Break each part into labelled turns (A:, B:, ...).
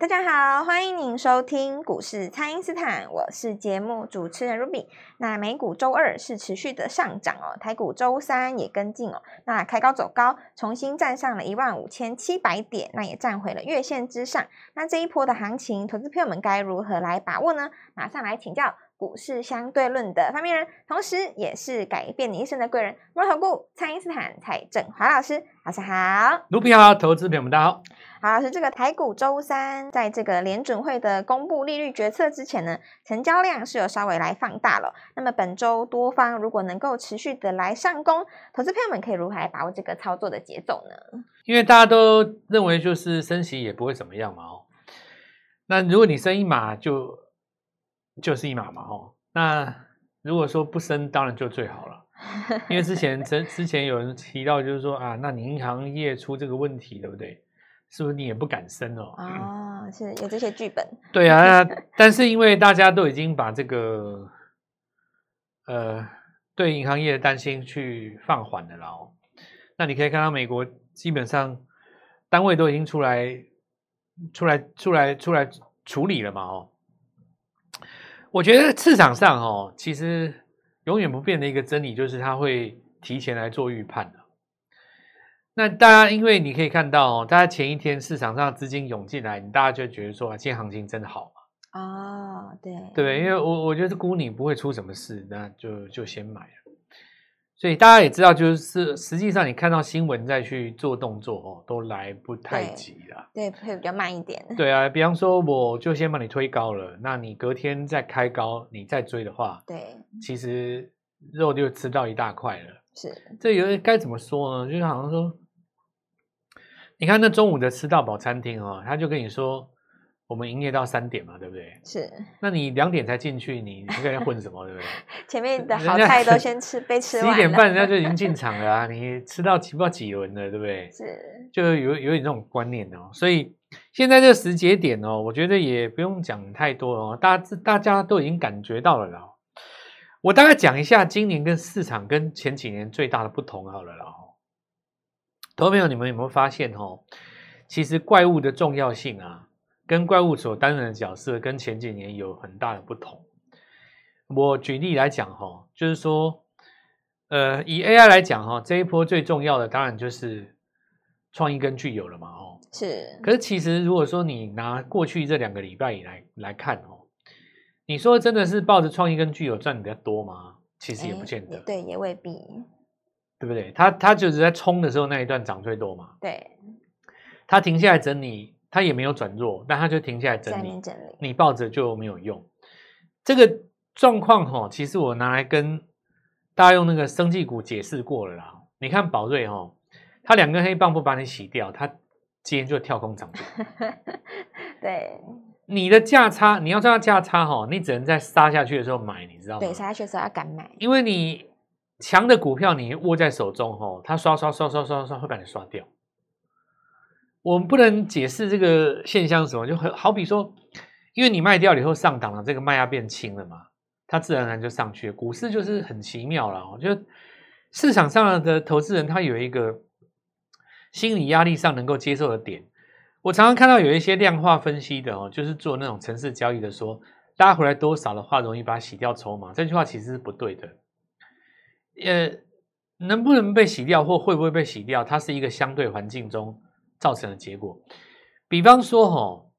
A: 大家好，歡迎您收聽股市蔡因斯坦，我是節目主持人 Ruby。那美股周二是持續的上漲哦，台股周三也跟進哦。那開高走高，重新站上了一萬五千七百點，那也站回了月線之上。那這一波的行情，投資朋友們該如何來把握呢？馬上來請教。股市相對論的發明人，同時也是改變你一生的貴人——摩爾投顧、蔡因斯坦、蔡正華老師，老師好，
B: 盧比奧投資朋友們，大家好。
A: 好，老師，這個台股周三，在這個聯準會的公布利率決策之前呢，成交量是有稍微來放大了。那麼本周多方如果能夠持續的來上攻，投資朋友們可以如何來把握這個操作的節奏呢？
B: 因為大家都認為就是升息也不會怎麼樣嘛哦。那如果你升一碼就。就是一碼嘛哦，那如果說不升，當然就最好了，因為之前之之前有人提到，就是說啊，那你銀行業出這個問題，對不對？是不是你也不敢升哦？啊，
A: 是有這些劇本。對啊，
B: 但是因為大家都已經把這個呃對銀行業的擔心去放緩了啦哦，那你可以看到美國基本上單位都已經出來出來出來出來處理了嘛哦。我覺得市場上哦，其實永遠不變的一個真理就是，他會提前來做預判的，啊。那大家因為你可以看到哦，大家前一天市場上資金湧進來，你大家就覺得說啊，今天行情真的好嘛？
A: 啊、哦，對，對，
B: 因為我我覺得沽寧不會出什麼事，那就就先買，啊。所以大家也知道，就是實際上你看到新聞再去做動作哦，都來不太及
A: 了。對，會比較慢一點。對
B: 啊，比方說我就先把你推高了，那你隔天再開高，你再追的話，對，其實肉就吃到一大塊了。是，這有點該怎麼說呢？就是好像說，你看那中午的吃到飽餐廳哦，他就跟你說。我們營業到三點嘛，對不對？是。那你兩點才進去，你應該在混什麼，對不對？前面的好菜都先吃，家被吃了。一點半人家就已經進場了啊！ 你吃到不知道幾輪了，對不對？是。就有有點這種觀念哦，所以現在這個時節點哦，我覺得也不用講太多哦，大家大家都已經感覺到了啦。我大概講一下今年跟市場跟前幾年最大的不同好了啦、哦。同朋友，你們有沒有發現哦？其實怪物的重要性啊。跟怪物所擔任的角色跟前幾年有很大的不同。我舉例來講哈，就是說，呃，以 AI 來講哈，這一波最重要的當然就是創意跟巨有了
A: 嘛，哦，是。可是
B: 其實如果說你拿過去這兩個禮拜以來來看哦，你說真的是抱着創意跟巨有的賺比較多嗎？其實也不見得，欸，
A: 對，也未必，對
B: 不對？他他就是在衝的時候那一段漲最多嘛，對。他停下來整理。它也沒有轉弱，但它就停下來整理，整理，整理你抱着就沒有用。這個狀況吼、哦、其實我拿來跟大家用那個生技股解釋過了啦。你看保瑞哈、哦，它兩根黑棒不把你洗掉，它今天就跳空漲停。
A: 對，
B: 你的價差，你要知道價差哈、哦，你只能在殺下去的時候買，你知道嗎？對，
A: 殺下去的時候要敢買，
B: 因為你強的股票你握在手中吼、哦、它刷刷刷，刷刷刷刷刷刷會把你刷掉。我們不能解釋這個現象是什麼，就好比說，因為你賣掉以後上檔了，這個賣壓變輕了嘛，它自然而然就上去了。股市就是很奇妙了。我覺得市場上的投資人他有一個心理壓力上能夠接受的點。我常常看到有一些量化分析的哦，就是做那種程式交易的，說拉回來多少的話，容易把它洗掉籌碼。這句話其實是不對的。呃，能不能被洗掉或會不會被洗掉，它是一個相對環境中。造成的結果，比方說、哦，吼，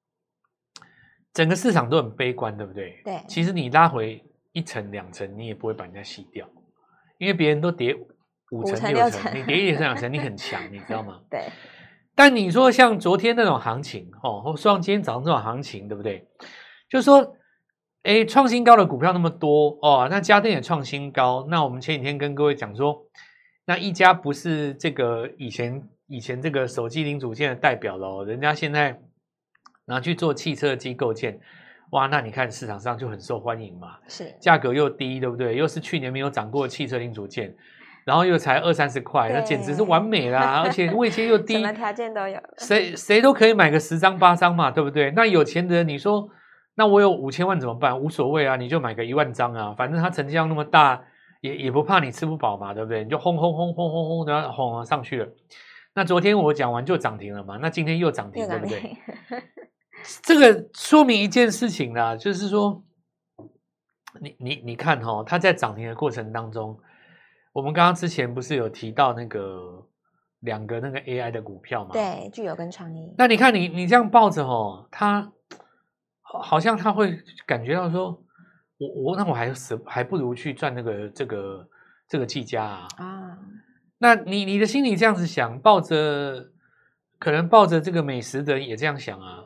B: 整個市場都很悲觀，對不對？對。其實你拉回一層兩層，你也不會把人家洗掉，因為別人都跌五層六層，六成你跌一層兩層， 你很強，你知道嗎？
A: 對。
B: 但你說像昨天那種行情，吼、哦，或像今天早上這種行情，對不對？就說，哎，創新高的股票那麼多哦，那家電也創新高，那我們前幾天跟各位講說，那一家不是這個以前。以前這個手機零組件的代表嘍，人家現在拿去做汽車機構件。哇，那你看市場上就很受歡迎嘛，是價格又低，對不對？又是去年沒有漲過的汽車零組件，然後又才二三十塊，對那簡直是完美啦！ 而且位階又低，什麼
A: 條件都有，
B: 誰誰都可以買個十張八張嘛，對不對？那有錢的人你說，那我有五千萬怎麼辦？無所謂啊，你就買個一萬張啊，反正它成交量那麼大，也也不怕你吃不飽嘛，對不對？你就轟轟轟轟轟轟的轟,轟,轟,轟上去了。那昨天我講完就漲停了嘛？那今天又漲停，漲停對
A: 不
B: 對？ 這個說明一件事情啦、啊，就是說，你你你看哦，它在漲停的過程當中，我們剛剛之前不是有提到那個兩個那個 AI 的股票嘛？對，
A: 巨有跟創意。
B: 那你看你你這樣抱着哦，它好像它會感覺到說，我我那我還是還不如去賺那個這個這個技嘉啊。啊那你你的心裡這樣子想，抱着可能抱着這個美食的人也這樣想啊。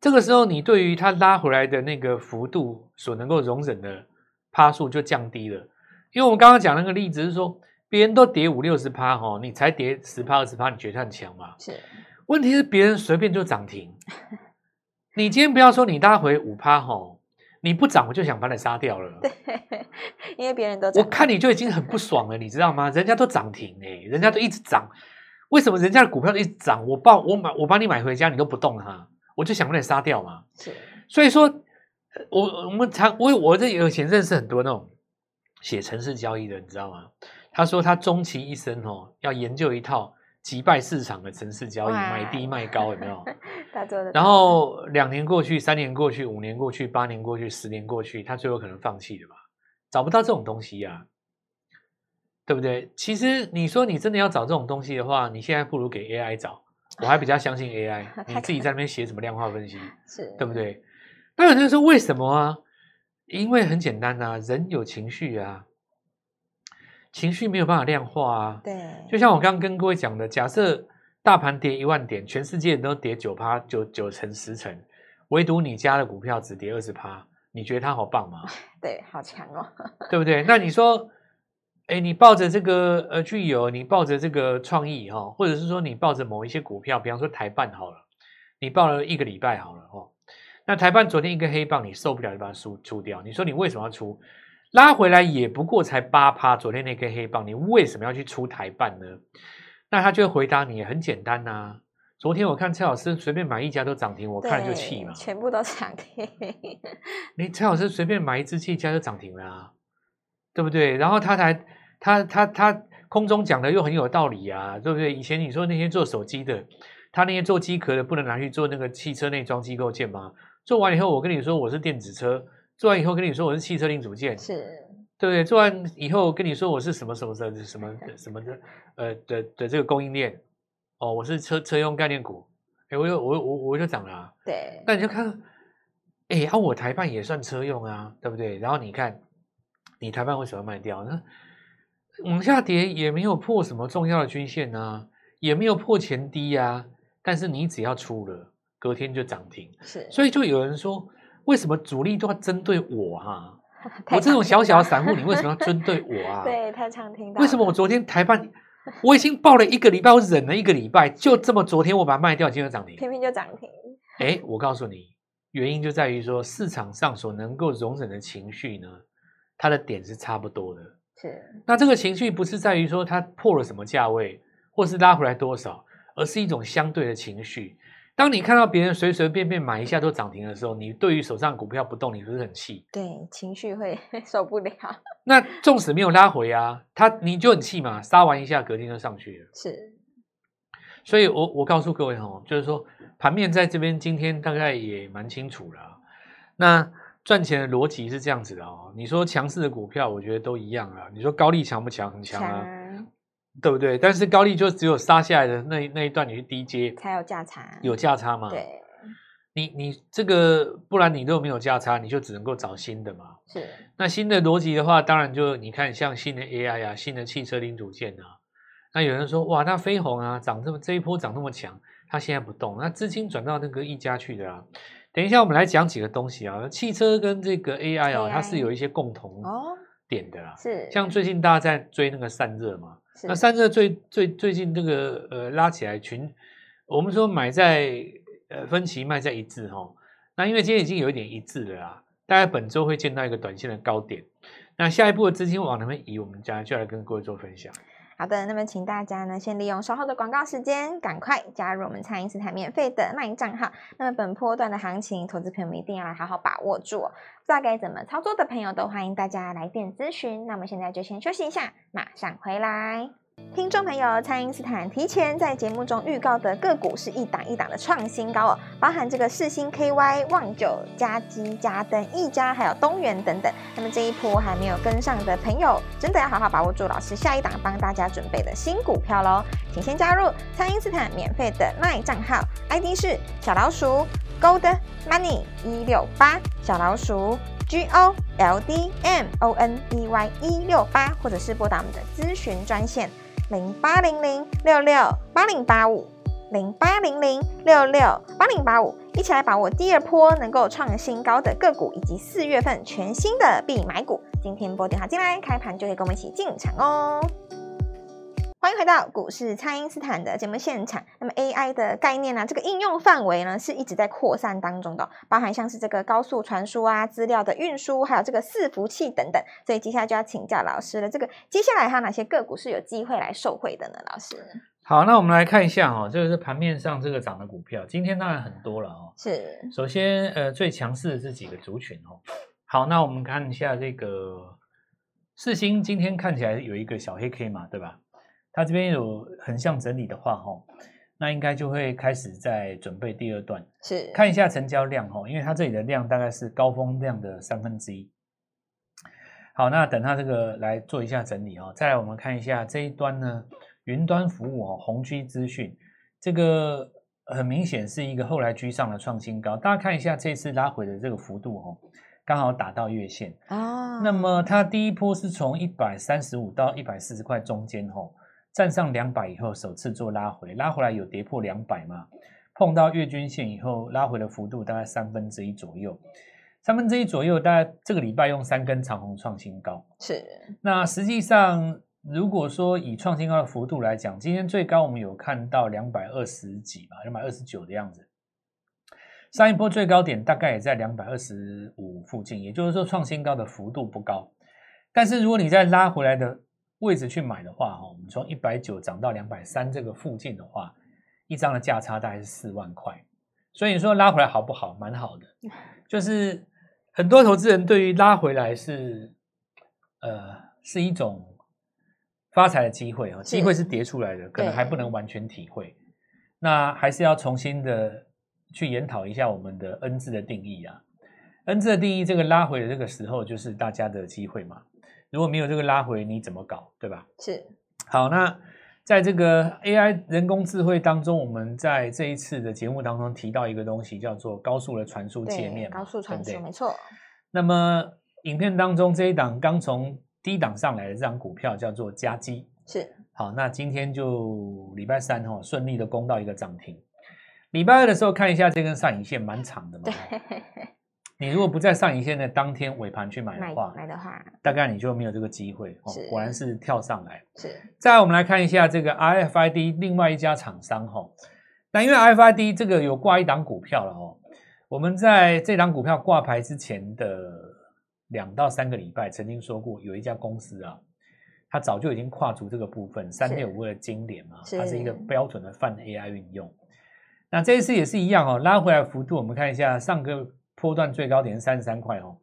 B: 這個時候，你對於他拉回來的那個幅度所能夠容忍的趴數就降低了。因為我們剛剛講那個例子是說，別人都跌五六十趴哈，你才跌十趴二十趴，你覺得很強嗎？是。問題是別人隨便就漲停， 你今天不要說你拉回五趴哈。哦你不漲，我就想把你殺掉了。
A: 對，因為別人都我
B: 看你就已經很不爽了，你知道嗎？人家都漲停哎、欸，人家都一直漲，為什麼人家的股票一直漲？我把、我買、我把你買回家，你都不動哈、啊，我就想把你殺掉嘛。所以說，我我們才我我以前認識很多那種寫程式交易的，你知道嗎？他說他終其一生哦，要研究一套。擊敗市場的程式交易，賣低賣高有沒有？然後兩年過去，三年過去，五年過去，八年過去，十年過去，他最後可能放棄了吧？找不到這種東西呀、啊，對不對？其實你說你真的要找這種東西的話，你現在不如給 AI 找，我還比較相信 AI。你自己在那邊寫什麼量化分析，對不對？那有人說為什麼啊？因為很簡單吶、啊，人有情緒啊。情緒沒有辦法量化啊，對，就像我剛剛跟各位講的，假設大盤跌一萬點，全世界都跌九趴，九九成十成，唯獨你家的股票只跌二十趴，你覺得它好棒嗎？
A: 對，好強哦，
B: 對不對？那你說，誒你抱着這個呃，巨有你抱着這個創意哈，或者是說你抱着某一些股票，比方說台半好了，你抱了一個禮拜好了哦，那台半昨天一個黑棒，你受不了就把它出出掉，你說你為什麼要出？拉回來也不過才八趴，昨天那根黑棒，你為什麼要去出台辦呢？那他就回答你，很簡單吶、啊。昨天我看蔡老師隨便買一家都漲停，我看了就氣嘛，
A: 全部都漲停。
B: 你、欸、蔡老師隨便買一只，一家就漲停了啊，對不對？然後他才他他他，他空中講的又很有道理啊，對不對？以前你說那些做手機的，他那些做機殼的，不能拿去做那個汽車內裝機構件嗎？做完以後，我跟你說，我是電子車。做完以後跟你說我是汽車零組件，是，對不對？做完以後跟你說我是什麼什麼的什,什,什麼什麼的 呃的的這個供應鏈，哦，我是車車用概念股，哎，我又我我我就漲了、啊，
A: 對。那你就看，
B: 哎，啊我台半也算車用啊，對不對？然後你看你台半為什麼要賣掉呢？往下跌也沒有破什麼重要的均線啊，也沒有破前低啊，但是你只要出了，隔天就漲停，是。所以就有人說。為什麼主力都要針對我哈、啊？
A: 我這種小小的散戶，你為什麼要針對我啊？對，太常聽到。為什麼我
B: 昨天台半我已經抱了一個禮拜，我忍了一個禮拜，就這麼昨天我把它賣掉，今天漲停，
A: 偏偏就漲停。
B: 誒我告訴你，原因就在於說市場上所能夠容忍的情緒呢，它的點是差不多的。是。那這個情緒不是在於說它破了什麼價位，或是拉回來多少，而是一種相對的情緒。當你看到別人隨隨便便買一下都漲停的時候，你對於手上股票不動，你不是很氣？
A: 對，情緒會受不了。
B: 那縱使沒有拉回啊，他你就很氣嘛，殺完一下隔天就上去了。是，所以我，我我告訴各位哦，就是說盤面在這邊今天大概也蠻清楚了。那賺錢的邏輯是這樣子的哦，你說強勢的股票，我覺得都一樣啊。你說高力強不強？很強啊。強對不對？但是高利就只有殺下來的那一那一段，你去低接才
A: 有價差，有價差嘛？對，
B: 你你這個不然你如果沒有價差，你就只能夠找新的嘛。是，那新的邏輯的話，當然就你看像新的 AI 啊，新的汽車零組件啊，那有人說哇，那飛鴻啊長這麼這一波長那麼強，它現在不動，那資金轉到那個一家去的啊。等一下我們來講幾個東西啊，汽車跟這個 AI 啊，AI 它是有一些共同點的啊、哦，是像最近大家在追那個散熱嘛。是那三個最最最近這，那個呃拉起來群，群我們說買在呃分歧，賣在一致哈、哦。那因為今天已經有一點一致了啦，大概本周會見到一個短線的高點。那下一步的資金往哪邊移，我們將來就來跟各位做分享。
A: 好的，那麼請大家呢，先利用稍後的廣告時間，趕快加入我們蔡因斯坦免費的 LINE 帳號。那麼本波段的行情，投資朋友一定要來好好把握住哦。不知道該怎麼操作的朋友，都歡迎大家來電諮詢。那麼現在就先休息一下，馬上回來。聽眾朋友，愛因斯坦提前在節目中預告的個股是一檔一檔的創新高哦，包含這個四星 KY、旺九、佳基、佳登一家，還有東元等等。那麼這一波還沒有跟上的朋友，真的要好好把握住，老師下一檔幫大家準備的新股票嘍！請先加入愛因斯坦免費的賣賬號，ID 是小老鼠 Gold Money 一六八，小老鼠 G O L D M O N E Y 一六八，或者是撥打我們的諮詢專線。零八零零六六八零八五，零八零零六六八零八五，一起來把握第二波能夠創新高的個股，以及四月份全新的必買股。今天撥電話進來，開盤就可以跟我們一起進場哦。歡迎回到股市蔡因斯坦的節目現場。那麼 AI 的概念呢、啊？這個應用範圍呢，是一直在擴散當中的，包含像是這個高速傳輸啊、資料的運輸，還有這個伺服器等等。所以接下來就要請教老師了。這個接下來還有、啊、哪些個股是有機會來受惠的呢？老師，
B: 好，那我們來看一下哦，這、就、個是盤面上這個漲的股票，今天當然很多了哦。是，首先呃，最強勢的是幾個族群哦。好，那我們看一下這個世芯，今天看起來有一個小黑 K 嘛，對吧？它這邊有橫向整理的話，哈，那應該就會開始在準備第二段，是看一下成交量，哈，因為它這裡的量大概是高峰量的三分之一。好，那等它這個來做一下整理，哈，再來我們看一下這一端呢，雲端服務，哈，宏碁資訊，這個很明顯是一個後來居上的創新高，大家看一下這次拉回的這個幅度，哈，剛好打到月線，啊，那麼它第一波是從一百三十五到一百四十塊中間，哈。站上兩百以後，首次做拉回，拉回來有跌破兩百嗎？碰到月均線以後，拉回的幅度大概三分之一左右。三分之一左右，大概這個禮拜用三根長紅創新高。是。那實際上，如果說以創新高的幅度來講，今天最高我們有看到兩百二十幾吧，兩百二十九的樣子。上一波最高點大概也在兩百二十五附近，也就是說創新高的幅度不高。但是如果你再拉回來的位置去買的話，哈，我們從一百九漲到兩百三這個附近的話，一張的價差大概是四萬塊，所以你說拉回來好不好？蠻好的，就是很多投資人對於拉回來是，呃，是一種發財的機會啊，機會是跌出來的，是可能還不能完全體會，對那還是要重新的去研討一下我們的 N 字的定義啊，N 字的定義，這個拉回的這個時候就是大家的機會嘛。如果沒有這個拉回，你怎麼搞，對吧？是。好，那在這個 AI 人工智慧當中，我們在這一次的節目當中提到一個東西，叫做高速的傳輸界面嘛，對高速傳輸，對對沒錯。那麼影片當中這一檔剛從低檔上來的這檔股票叫做嘉基，是。好，那今天就禮拜三吼、哦，順利的攻到一個漲停。禮拜二的時候看一下這根上影線蠻長的嘛。你如果不在上影線的當天尾盤去買的話，的話大概你就沒有這個機會。是果然是跳上來。是，再來我們來看一下這個 RFID 另外一家廠商哈、哦，那因為 RFID 這個有掛一檔股票了哦，我們在這檔股票掛牌之前的兩到三個禮拜，曾經說過有一家公司啊，它早就已經跨足這個部分是，三天五倍的經典嘛，是它是一個標準的泛 AI 運用。那這一次也是一樣哦，拉回來幅度，我們看一下上個波段最高點是三十三塊哦，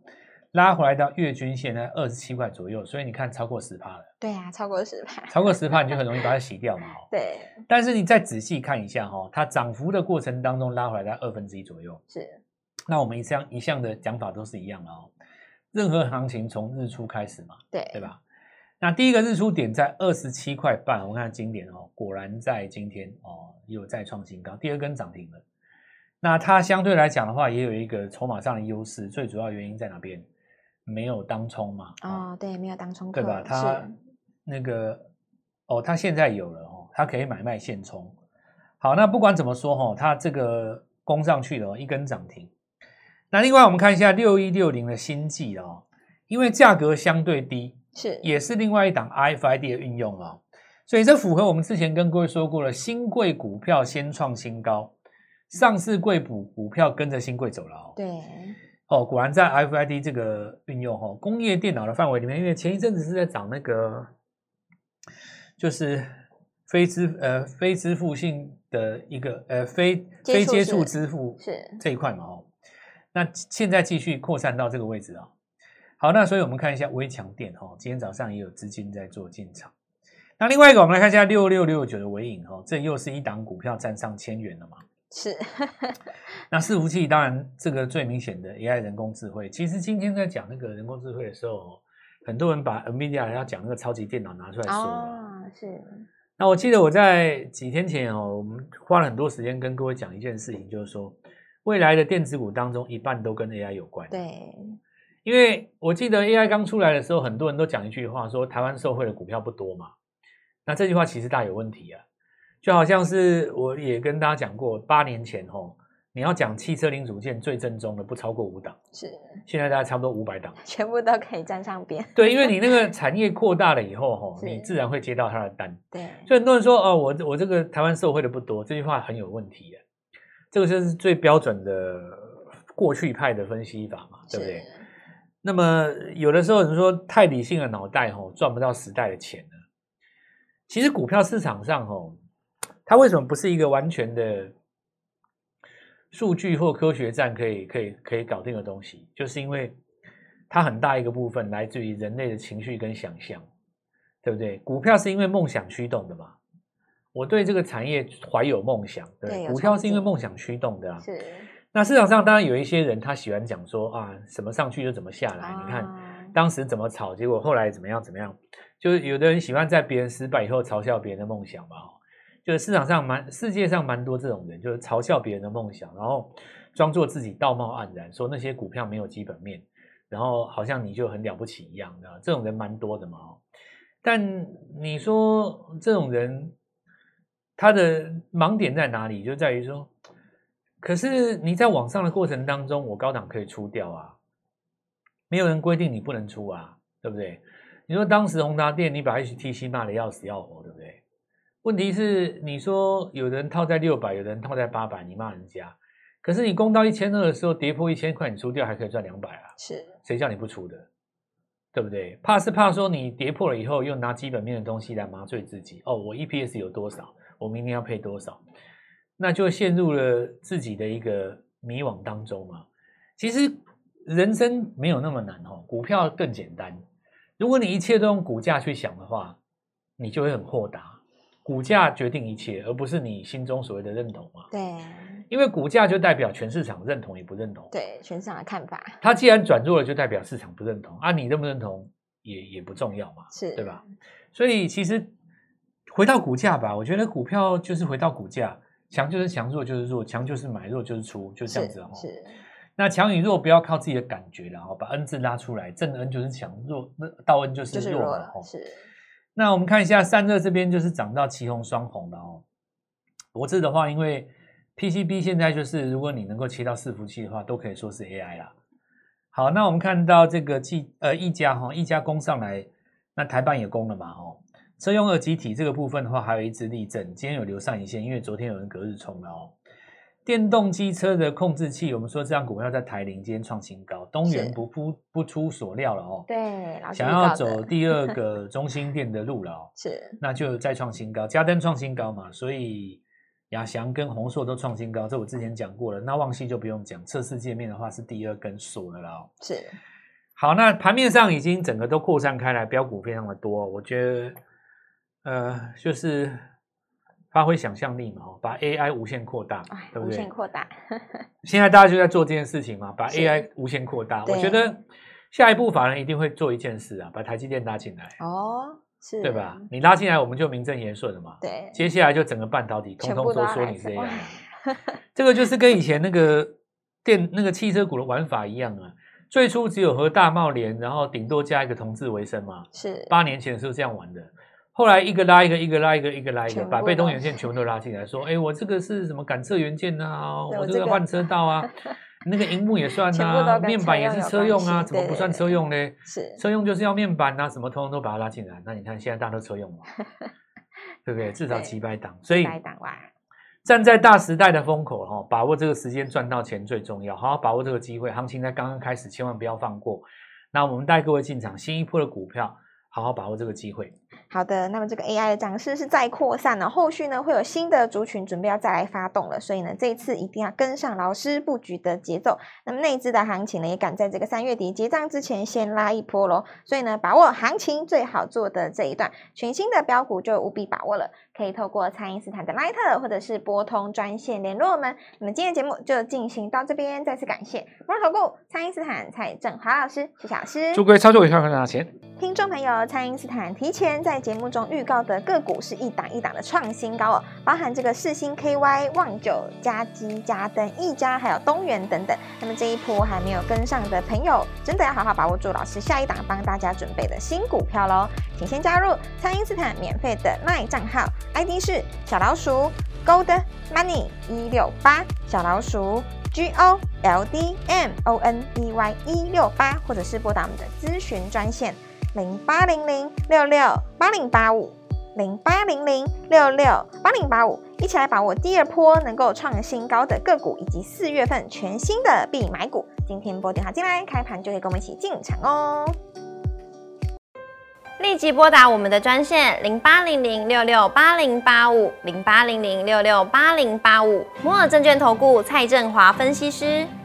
B: 拉回來到月均線在二十七塊左右，所以你看超過十趴了。
A: 對啊，超過十趴，
B: 超過十趴 你就很容易把它洗掉嘛、哦。
A: 對，
B: 但是你再仔細看一下哦，它漲幅的過程當中拉回來在二分之一左右。是，那我們一向一向的講法都是一樣的哦。任何行情從日出開始嘛，對對吧？那第一個日出點在二十七塊半，我們看今天哦，果然在今天哦也有再創新高，第二根漲停了。那它相對來講的話，也有一個籌碼上的優勢，最主要原因在哪邊？沒有當沖嘛、
A: 哦？啊、哦，對，沒有當沖，對吧？它
B: 那個是哦，它現在有了哦，它可以買賣現沖。好，那不管怎麼說哈、哦，它這個攻上去了哦，一根漲停。那另外我們看一下六一六零的欣技哦，因為價格相對低，是也是另外一檔 RFID 的運用啊、哦，所以這符合我們之前跟各位說過了，新貴股票先創新高。上市櫃補股票跟着興櫃走了
A: 哦，對。
B: 對哦，果然在、RFID 這個運用哈、哦，工業電腦的範圍裡面，因為前一陣子是在漲那個就是非支呃非支付性的一個呃非接非接觸支付是這一塊嘛哈、哦。那現在繼續擴散到這個位置啊、哦。好，那所以我們看一下威強電哈，今天早上也有資金在做進場。那另外一個，我們來看一下六六六九的緯穎哈、哦，這又是一檔股票站上千元了嘛。
A: 是，
B: 那伺服器，當然這個最明顯的 AI 人工智慧。其實今天在講那個人工智慧的時候，哦，很多人把 NVIDIA 要講那個超級電腦拿出來說。哦，是。那我記得我在幾天前哦，我們花了很多時間跟各位講一件事情，就是說未來的電子股當中一半都跟 AI 有關。
A: 對。
B: 因為我記得 AI 剛出來的時候，很多人都講一句話，說台灣受惠的股票不多嘛。那這句話其實大有問題啊。就好像是我也跟大家講過，八年前吼、哦，你要講汽車零組件最正宗的不超過五檔，是現在大概差不多五百檔，
A: 全部都可以沾上邊。
B: 對，因為你那個產業擴大了以後吼、哦，是你自然會接到他的單。對，所以很多人說哦，我我這個台灣受惠的不多，這句話很有問題耶。這個就是最標準的過去派的分析法嘛，對不對？是那麼有的時候人說太理性的腦袋吼、哦、賺不到時代的錢呢。其實股票市場上吼、哦。它為什麼不是一個完全的數據或科學站可以、可以、可以搞定的東西？就是因為它很大一個部分來自於人類的情緒跟想象，對不對？股票是因為夢想驅動的嘛？我對這個產業懷有夢想，對，對，對，股票是因為夢想驅動的啊。是。那市場上當然有一些人，他喜歡講說啊，什麼上去就怎麼下來。啊。你看當時怎麼炒，結果後來怎麼樣？怎麼樣？就是有的人喜歡在別人失敗以後嘲笑別人的夢想嘛。就是市場上蠻世界上蠻多這種人，就是嘲笑別人的夢想，然後裝作自己道貌岸然，說那些股票沒有基本面，然後好像你就很了不起一樣的，這種人蠻多的嘛。哦。但你說這種人他的盲點在哪裡？就在於說，可是你在網上的過程當中，我高檔可以出掉啊，沒有人規定你不能出啊，對不對？你說當時宏達電，你把 HTC 罵的要死要活，對不對？問題是你說有人套在六百，有人套在八百，你罵人家，可是你攻到一千二的時候，跌破一千塊，你出掉還可以賺兩百啊。是，誰叫你不出的，對不對？怕是怕說你跌破了以後，又拿基本面的東西來麻醉自己。哦，我 EPS 有多少？我明明要配多少？那就陷入了自己的一個迷惘當中嘛、啊。其實人生沒有那麼難哦，股票更簡單。如果你一切都用股價去想的話，你就會很豁達。股價決定一切，而不是你心中所謂的認同嘛。對、啊，因為股價就代表全市場認同也不認同。
A: 對，全市場的看法。
B: 它既然轉弱了，就代表市場不認同啊！你認不認同也也不重要嘛，是，對吧？所以其實回到股價吧，我覺得股票就是回到股價，強就是強，弱就是弱，強就是買，弱就是出，就這樣子哈、哦。是。那強與弱不要靠自己的感覺然後哈，把 N 字拉出來，正 N 就是強弱，弱那倒 N 就是弱了哈。是。那我們看一下散熱這邊就是漲到齊紅、雙紅的哦。博智的話，因為 PCB 現在就是如果你能夠切到伺服器的話，都可以說是 AI 啦。好，那我們看到這個技呃毅嘉哈、哦、毅嘉攻上來，那台半也攻了嘛哦。車用二極體這個部分的話，還有一支麗正，今天有留上影線，因為昨天有人隔日沖了哦。電動機車的控制器，我們說這檔股票在台鈴間創新高，東元不不不出所料了哦。
A: 對，想要走第二個
B: 中興電的路了，哦， 是，那就再創新高，嘉登創新高嘛，所以亞翔跟鴻碩都創新高，這我之前講過了。那旺矽就不用講，測試界面的話是第二根鎖了，了哦，是，好，那盤面上已經整個都擴散開來，飆股非常的多，我覺得呃就是。發揮想象力嘛，把 AI 無限擴大，啊、對不對？無限擴
A: 大，
B: 現在大家就在做這件事情嘛，把 AI 無限擴大。我覺得下一步法人一定會做一件事啊，把台積電拉進來
A: 哦，
B: 是，對吧？你拉進來，我們就名正言順了嘛。對，接下來就整個半導體通通都說你是 AI。 這個就是跟以前那個電、那個汽車股的玩法一樣啊。最初只有和大、貿聯，然後頂多加一個同致、為升嘛。是八年前的時候這樣玩的。後來一個拉一個，一個拉一個，一個拉一個，把被動元件全部都拉進來，說、哎：“誒我這個是什麼感測元件啊？我這個換車道啊，那個熒幕也算啊，面板也是車用啊，怎麼不算車用呢？是車用就是要面板啊，什麼通通都把它拉進來。那你看現在大家都車用了，對不對？至少幾百檔，所以站在大時代的風口哈、啊，把握這個時間賺到錢最重要，好好把握這個機會。行情在剛剛開始，千萬不要放過。那我們帶各位進場新一波的股票，好好把握這個機會。”
A: 好的，那麼這個 AI 的漲勢是再擴散了後續呢會有新的族群準備要再來發動了，所以呢這一次一定要跟上老師布局的節奏。那麼內資的行情呢也趕在這個三月底結賬之前先拉一波嘍，所以呢把握行情最好做的這一段，全新的標股就務必把握了。可以透過蔡因斯坦的拉特、er、或者是撥通專線聯絡我們。那麼今天節目就進行到這邊，再次感謝摩爾投顧蔡因斯坦蔡正華老師謝謝老師，祝各位操作愉快，賺大錢！聽眾朋友，蔡因斯坦提前在節目中預告的個股是一檔一檔的創新高哦，包含這個四星 K Y、旺九、嘉基、加登、毅嘉還有東元等等。那麼這一波還沒有跟上的朋友，真的要好好把握住老師下一檔幫大家準備的新股票嘍！請先加入蔡因斯坦免費的賣賬號，ID 是小老鼠 Gold Money 一六八，小老鼠 G O L D M O N E Y 一六八，或者是撥打我們的諮詢專線。零八零零六六八零八五，零八零零六六八零八五，一起來把握第二波能夠創新高的個股，以及四月份全新的必買股。今天撥電話進來，開盤就可以跟我們一起進場哦。立即撥打我們的專線零八零零六六八零八五，零八零零六六八零八五，摩爾證券投顧蔡正華分析師。